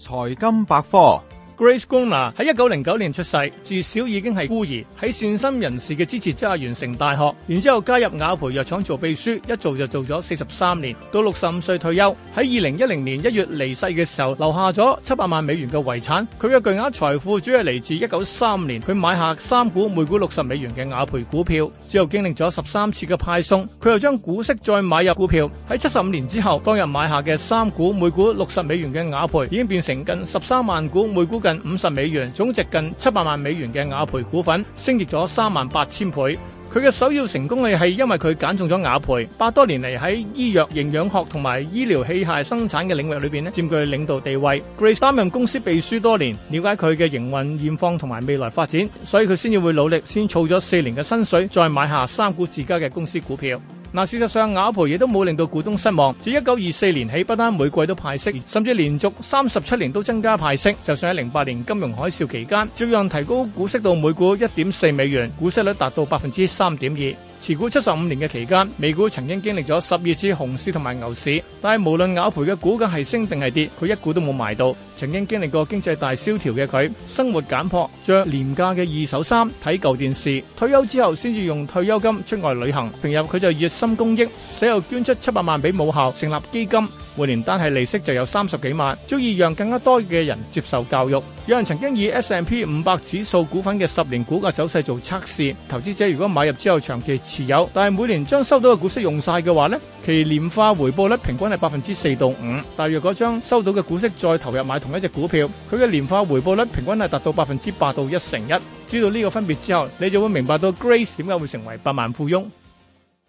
財經百科。Grace Groner 喺一九零九年出世，自小已經係孤兒。喺善心人士嘅支持之下完成大學，然之後加入雅培藥廠做秘書，一做就做咗四十三年，到六十五歲退休。喺二零一零年一月離世嘅時候，留下咗七百萬美元嘅遺產。佢嘅巨額財富主要嚟自，一九三五年，佢買下三股每股六十美元嘅雅培股票，之後經歷咗十三次嘅派送，佢又將股息再買入股票。喺七十五年之後，當日買下嘅三股每股六十美元嘅雅培已經變成近十三萬股每股嘅。近五十美元，總值近七百萬美元嘅雅培股份，升跌咗三萬八千倍。佢嘅首要成功嘅係因為佢揀中咗雅培，百多年嚟喺醫藥營養學同埋醫療器械生產嘅領域裏邊咧，佔據領導地位。Grace 擔任公司秘書多年，了解佢嘅營運、現況同埋未來發展，所以佢先至會努力，先儲咗四年嘅薪水，再買下三股自家嘅公司股票。嗱，事實上雅培亦都冇令到股東失望，自一九二四年起，不單每季都派息，甚至連續三十七年都增加派息。就算喺零八年金融海嘯期間照樣提高股息到每股一點四美元，股息率達到百分之。三點二，持股七十五年嘅期間，美股曾經經歷咗十二次熊市同埋牛市，但係無論雅培嘅股價係升定係跌，佢一股都冇賣到。曾經經歷過經濟大蕭條嘅佢，生活簡樸，着廉價嘅二手衫，睇舊電視。退休之後先至用退休金出外旅行，平日佢就熱心公益，死後捐出七百萬俾母校成立基金，每年單係利息就有三十幾萬，足以讓更加多嘅人接受教育。有人曾經以 S&P 五百指數股份嘅十年股價走勢做測試，投資者如果買入，之後長期持有，但係每年將收到嘅股息用晒嘅話咧，其年化回報率平均係百分之四到五。但若果將收到嘅股息再投入買同一隻股票，佢嘅年化回報率平均係達到百分之八到一成一。知道呢個分別之後，你就會明白到 Grace 點解會成為百萬富翁。